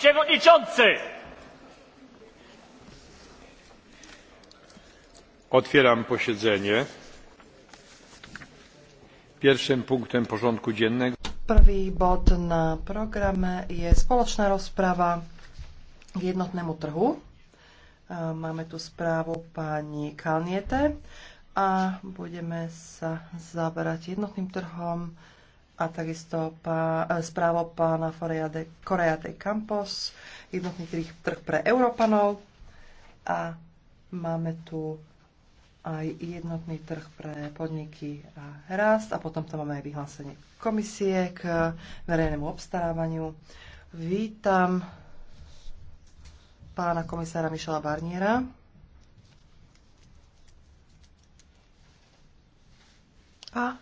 przewodniczący! Otwieram posiedzenie. Pierwszym punktem porządku dziennego Prvý bod na programe je spoločná rozprava k jednotnému trhu. Máme tu správu pani Kalniete a budeme sa zaberať jednotným trhom a takisto pá, e, správo pána Korea de Campos, jednotný trh pre Európanov a máme tu aj jednotný trh pre podniky a rast a potom tam máme aj vyhlásenie komisie k verejnému obstarávaniu. Vítam pána komisára Mišela Barniera. A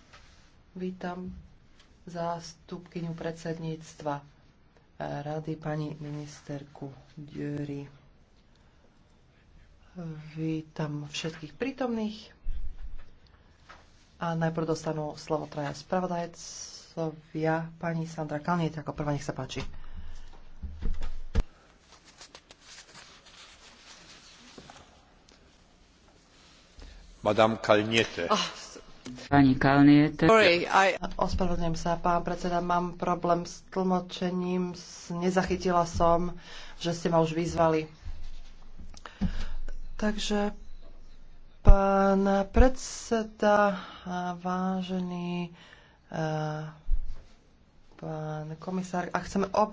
vítam zástupkyňu predsedníctva eh, rady pani ministerku Dury. Vítam všetkých prítomných a najprv dostanú slovo traja spravodajcovia. Pani Sandra Kalniet, ako prvá, nech sa páči. Madame Kalniete. Oh. Pani Kalniete. Ospravedlňujem sa, pán predseda, mám problém s tlmočením. Nezachytila som, že ste ma už vyzvali. Takže pán predseda, vážený eh, pán komisár, ak chceme ob-